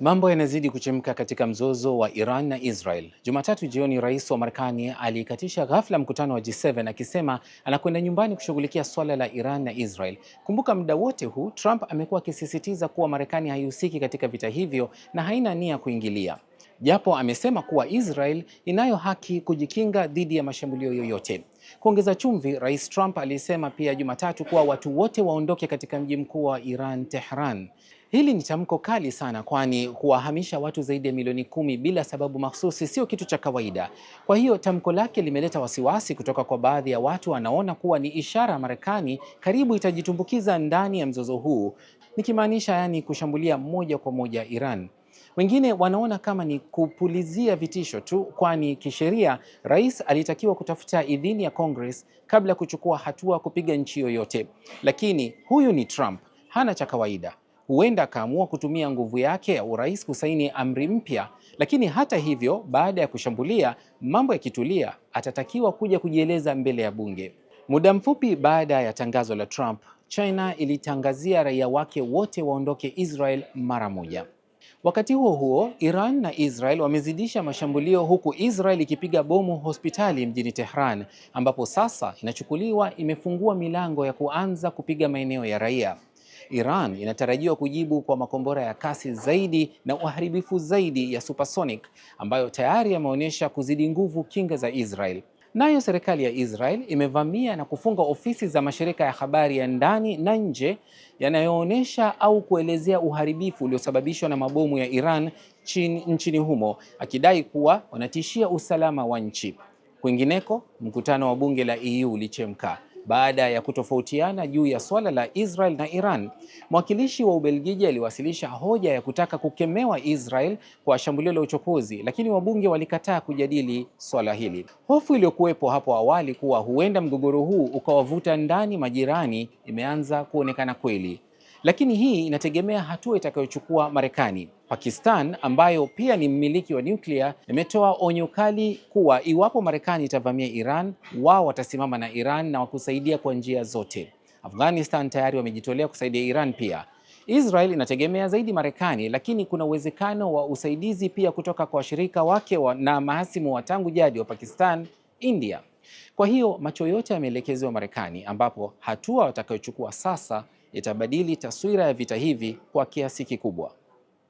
Mambo yanazidi kuchemka katika mzozo wa Iran na Israel. Jumatatu jioni, rais wa Marekani aliikatisha ghafla mkutano wa G7 akisema anakwenda nyumbani kushughulikia swala la Iran na Israel. Kumbuka, muda wote huu Trump amekuwa akisisitiza kuwa Marekani haihusiki katika vita hivyo na haina nia kuingilia japo amesema kuwa Israel inayo haki kujikinga dhidi ya mashambulio yoyote. Kuongeza chumvi, Rais Trump alisema pia Jumatatu kuwa watu wote waondoke katika mji mkuu wa Iran, Tehran. Hili ni tamko kali sana, kwani kuwahamisha watu zaidi ya milioni kumi bila sababu mahsusi sio kitu cha kawaida. Kwa hiyo tamko lake limeleta wasiwasi kutoka kwa baadhi ya watu wanaona kuwa ni ishara Marekani karibu itajitumbukiza ndani ya mzozo huu, nikimaanisha yani kushambulia moja kwa moja Iran. Wengine wanaona kama ni kupulizia vitisho tu, kwani kisheria rais alitakiwa kutafuta idhini ya Congress kabla ya kuchukua hatua kupiga nchi yoyote. Lakini huyu ni Trump, hana cha kawaida. Huenda akaamua kutumia nguvu yake ya urais kusaini amri mpya, lakini hata hivyo, baada ya kushambulia, mambo yakitulia, atatakiwa kuja kujieleza mbele ya bunge. Muda mfupi baada ya tangazo la Trump, China ilitangazia raia wake wote waondoke Israel mara moja. Wakati huo huo, Iran na Israel wamezidisha mashambulio huku Israel ikipiga bomu hospitali mjini Tehran ambapo sasa inachukuliwa imefungua milango ya kuanza kupiga maeneo ya raia. Iran inatarajiwa kujibu kwa makombora ya kasi zaidi na uharibifu zaidi ya supersonic ambayo tayari yameonyesha kuzidi nguvu kinga za Israel. Nayo serikali ya Israel imevamia na kufunga ofisi za mashirika ya habari ya ndani na nje yanayoonyesha au kuelezea uharibifu uliosababishwa na mabomu ya Iran chini, nchini humo akidai kuwa wanatishia usalama wa nchi. Kwingineko, mkutano wa bunge la EU ulichemka. Baada ya kutofautiana juu ya swala la Israel na Iran, mwakilishi wa Ubelgiji aliwasilisha hoja ya kutaka kukemewa Israel kwa shambulio la uchokozi, lakini wabunge walikataa kujadili swala hili. Hofu iliyokuwepo hapo awali kuwa huenda mgogoro huu ukawavuta ndani majirani imeanza kuonekana kweli lakini hii inategemea hatua itakayochukua Marekani. Pakistan ambayo pia ni mmiliki wa nyuklia imetoa onyo kali kuwa iwapo Marekani itavamia Iran, wao watasimama na Iran na wakusaidia kwa njia zote. Afghanistan tayari wamejitolea kusaidia Iran pia. Israel inategemea zaidi Marekani, lakini kuna uwezekano wa usaidizi pia kutoka kwa washirika wake wa na mahasimu wa tangu jadi wa Pakistan, India. Kwa hiyo macho yote yameelekezwa Marekani, ambapo hatua watakayochukua sasa itabadili taswira ya vita hivi kwa kiasi kikubwa.